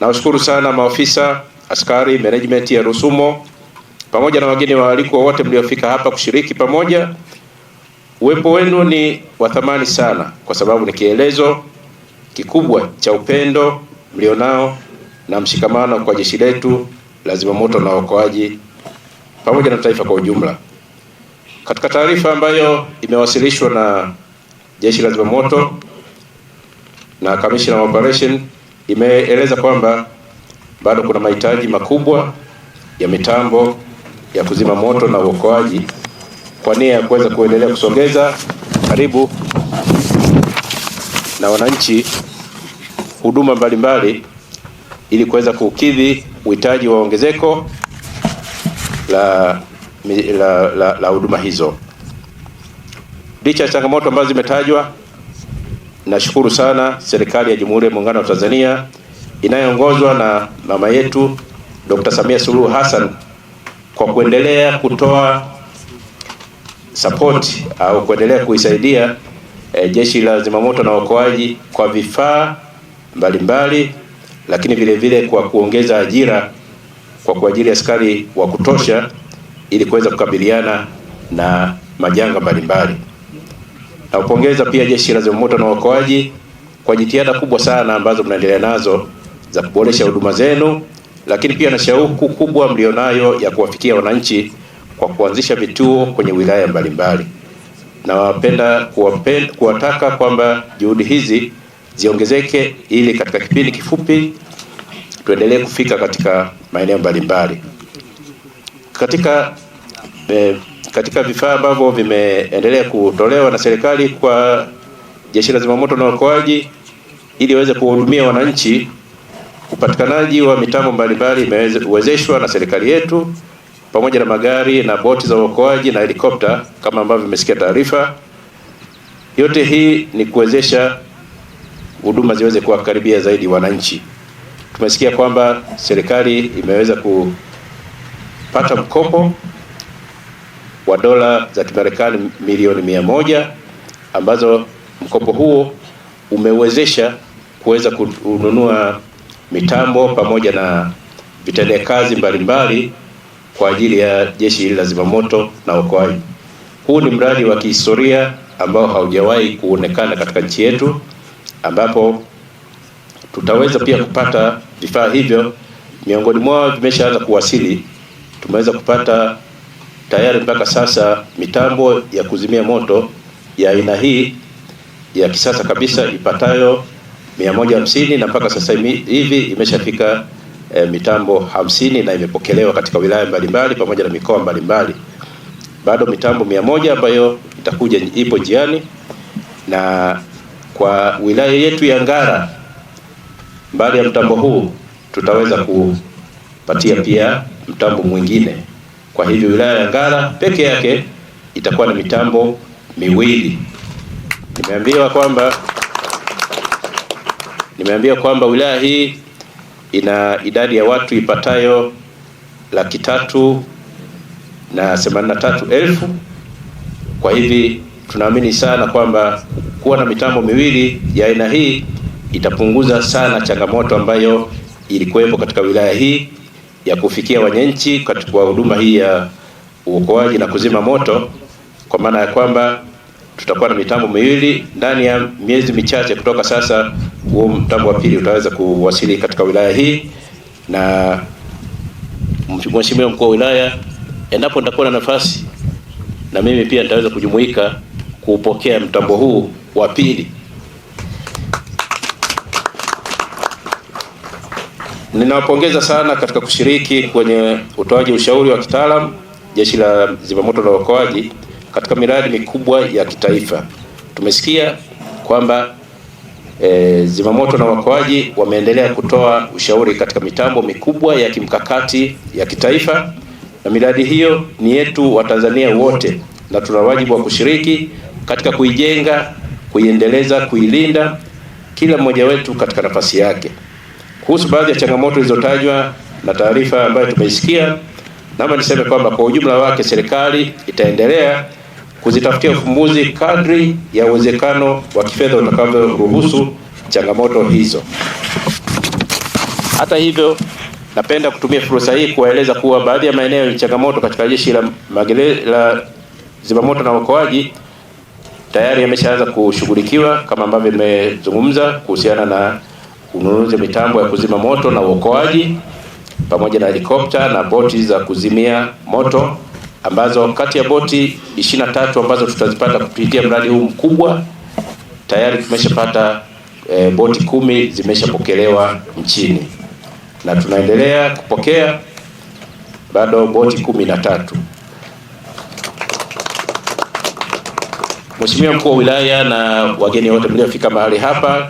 Nawashukuru sana maofisa, askari, management ya Rusumo pamoja na wageni waalikwa wote mliofika hapa kushiriki pamoja. Uwepo wenu ni wa thamani sana, kwa sababu ni kielezo kikubwa cha upendo mlionao na mshikamano kwa jeshi letu la zimamoto na uokoaji pamoja na taifa kwa ujumla. Katika taarifa ambayo imewasilishwa na jeshi la zimamoto na kamishna wa operation imeeleza kwamba bado kuna mahitaji makubwa ya mitambo ya kuzima moto na uokoaji kwa nia ya kuweza kuendelea kusogeza karibu na wananchi huduma mbalimbali ili kuweza kukidhi uhitaji wa ongezeko la la, la, la huduma hizo. Licha ya changamoto ambazo zimetajwa Nashukuru sana serikali ya Jamhuri ya Muungano wa Tanzania inayoongozwa na mama yetu Dr. Samia Suluhu Hassan kwa kuendelea kutoa support au kuendelea kuisaidia e, jeshi la zimamoto na uokoaji kwa vifaa mbalimbali, lakini vile vile kwa kuongeza ajira kwa kuajiri askari wa kutosha ili kuweza kukabiliana na majanga mbalimbali na kupongeza pia Jeshi la Zimamoto na Uokoaji kwa jitihada kubwa sana ambazo mnaendelea nazo za kuboresha huduma zenu, lakini pia na shauku kubwa mlionayo ya kuwafikia wananchi kwa kuanzisha vituo kwenye wilaya mbalimbali. Nawapenda kuwataka kwamba juhudi hizi ziongezeke ili katika kipindi kifupi tuendelee kufika katika maeneo mbalimbali katika eh, katika vifaa ambavyo vimeendelea kutolewa na serikali kwa jeshi la zimamoto na uokoaji ili waweze kuwahudumia wananchi. Upatikanaji wa mitambo mbalimbali imewezeshwa na serikali yetu pamoja na magari na boti za uokoaji na helikopta kama ambavyo vimesikia taarifa. Yote hii ni kuwezesha huduma ziweze kuwakaribia zaidi wananchi. Tumesikia kwamba serikali imeweza kupata mkopo wa dola za Kimarekani milioni mia moja ambazo mkopo huo umewezesha kuweza kununua mitambo pamoja na vitendea kazi mbalimbali kwa ajili ya jeshi hili la zimamoto na uokoaji. Huu ni mradi wa kihistoria ambao haujawahi kuonekana katika nchi yetu, ambapo tutaweza pia kupata vifaa hivyo. Miongoni mwao vimeshaanza kuwasili. Tumeweza kupata tayari mpaka sasa mitambo ya kuzimia moto ya aina hii ya kisasa kabisa ipatayo 150 na mpaka sasa hivi imeshafika e, mitambo hamsini na imepokelewa katika wilaya mbalimbali pamoja na mikoa mbalimbali. Bado mitambo mia moja ambayo itakuja ipo njiani, na kwa wilaya yetu ya Ngara, mbali ya mtambo huu tutaweza kupatia pia mtambo mwingine. Kwa hivyo wilaya ya Ngara peke yake itakuwa na mitambo miwili. Nimeambiwa kwamba nimeambiwa kwamba wilaya hii ina idadi ya watu ipatayo laki tatu na themanini na tatu elfu. Kwa hivi tunaamini sana kwamba kuwa na mitambo miwili ya aina hii itapunguza sana changamoto ambayo ilikuwepo katika wilaya hii ya kufikia wananchi katika huduma hii ya uokoaji na kuzima moto, kwa maana ya kwamba tutakuwa na mitambo miwili. Ndani ya miezi michache kutoka sasa, huo mtambo wa pili utaweza kuwasili katika wilaya hii, na Mheshimiwa Mkuu wa Wilaya, endapo nitakuwa na nafasi na mimi pia nitaweza kujumuika kuupokea mtambo huu wa pili. Ninawapongeza sana katika kushiriki kwenye utoaji ushauri wa kitaalamu Jeshi la Zimamoto na Uokoaji katika miradi mikubwa ya kitaifa. Tumesikia kwamba e, Zimamoto na Uokoaji wameendelea kutoa ushauri katika mitambo mikubwa ya kimkakati ya kitaifa, na miradi hiyo ni yetu Watanzania wote, na tuna wajibu wa kushiriki katika kuijenga, kuiendeleza, kuilinda, kila mmoja wetu katika nafasi yake. Kuhusu baadhi ya changamoto zilizotajwa na taarifa ambayo tumeisikia, naomba niseme kwamba kwa ujumla wake serikali itaendelea kuzitafutia ufumbuzi kadri ya uwezekano wa kifedha utakavyoruhusu changamoto hizo. Hata hivyo, napenda kutumia fursa hii kuwaeleza kuwa baadhi ya maeneo ya changamoto katika jeshi la magere, la zimamoto na uokoaji tayari yameshaanza kushughulikiwa kama ambavyo nimezungumza kuhusiana na ununuzi wa mitambo ya kuzima moto na uokoaji pamoja na helikopta na boti za kuzimia moto ambazo kati ya boti 23 ambazo tutazipata kupitia mradi huu mkubwa tayari tumeshapata e, boti kumi zimeshapokelewa nchini na tunaendelea kupokea bado boti kumi na tatu. Mheshimiwa mkuu wa wilaya na wageni wote mliofika mahali hapa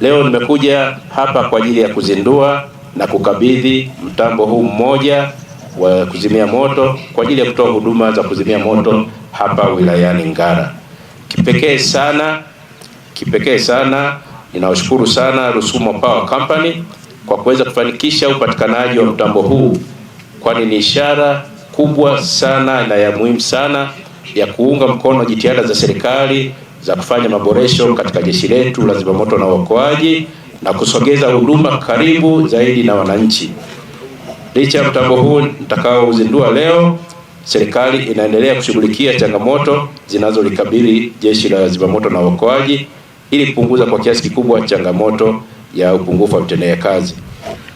Leo nimekuja hapa kwa ajili ya kuzindua na kukabidhi mtambo huu mmoja wa kuzimia moto kwa ajili ya kutoa huduma za kuzimia moto hapa wilayani Ngara. Kipekee sana, kipekee sana ninawashukuru sana Rusumo Power Company kwa kuweza kufanikisha upatikanaji wa mtambo huu, kwani ni ishara kubwa sana na ya muhimu sana ya kuunga mkono jitihada za serikali za kufanya maboresho katika jeshi letu la zimamoto na uokoaji na kusogeza huduma karibu zaidi na wananchi. Licha ya mtambo huu nitakaozindua leo, serikali inaendelea kushughulikia changamoto zinazolikabili jeshi la zimamoto na uokoaji ili kupunguza kwa kiasi kikubwa changamoto ya upungufu wa vitendea kazi.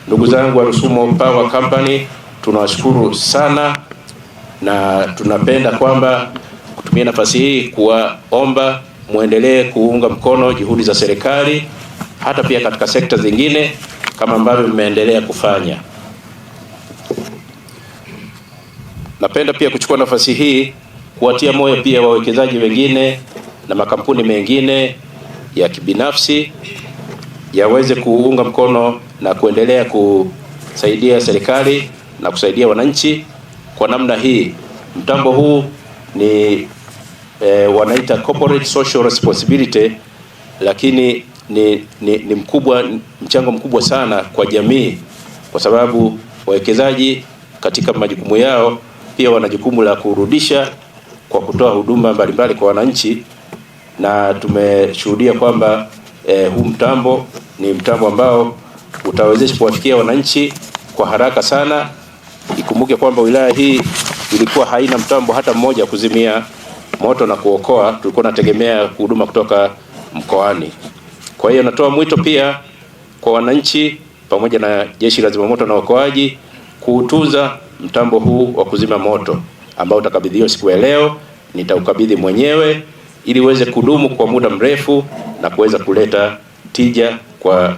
Ndugu zangu wa Rusumo Power Company, tunawashukuru sana na tunapenda kwamba kutumia nafasi hii kuwaomba mwendelee kuunga mkono juhudi za serikali hata pia katika sekta zingine kama ambavyo mmeendelea kufanya. Napenda pia kuchukua nafasi hii kuwatia moyo pia wawekezaji wengine na makampuni mengine ya kibinafsi yaweze kuunga mkono na kuendelea kusaidia serikali na kusaidia wananchi. Kwa namna hii mtambo huu ni e, wanaita corporate social responsibility, lakini ni, ni, ni mkubwa mchango mkubwa sana kwa jamii, kwa sababu wawekezaji katika majukumu yao pia wana jukumu la kurudisha kwa kutoa huduma mbalimbali kwa wananchi, na tumeshuhudia kwamba e, huu mtambo ni mtambo ambao utawezesha kuwafikia wananchi kwa haraka sana. Ikumbuke kwamba wilaya hii ilikuwa haina mtambo hata mmoja kuzimia moto na kuokoa, tulikuwa tunategemea huduma kutoka mkoani. Kwa hiyo natoa mwito pia kwa wananchi pamoja na jeshi la zimamoto na uokoaji kuutunza mtambo huu wa kuzima moto ambao utakabidhiwa siku ya leo. Nitaukabidhi mwenyewe ili uweze kudumu kwa muda mrefu na kuweza kuleta tija kwa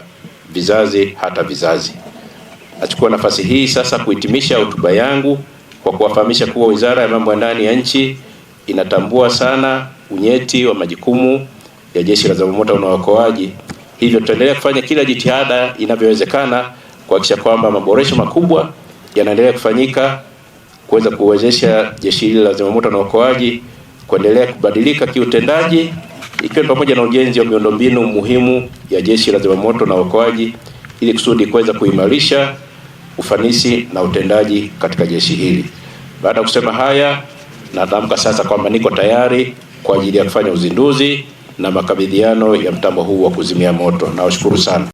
vizazi hata vizazi. Nachukua nafasi hii sasa kuhitimisha hotuba yangu kwa kuwafahamisha kuwa Wizara ya Mambo ya Ndani ya nchi inatambua sana unyeti wa majukumu ya Jeshi la Zimamoto na Uokoaji, hivyo tutaendelea kufanya kila jitihada inavyowezekana kuhakikisha kwamba maboresho makubwa yanaendelea kufanyika kuweza kuwezesha jeshi hili la zimamoto na uokoaji kuendelea kubadilika kiutendaji, ikiwa ni pamoja na ujenzi wa miundombinu muhimu ya jeshi la zimamoto na uokoaji ili kusudi kuweza kuimarisha ufanisi na utendaji katika jeshi hili. Baada ya kusema haya Natamka sasa kwamba niko tayari kwa ajili ya kufanya uzinduzi na makabidhiano ya mtambo huu wa kuzimia moto. Nawashukuru sana.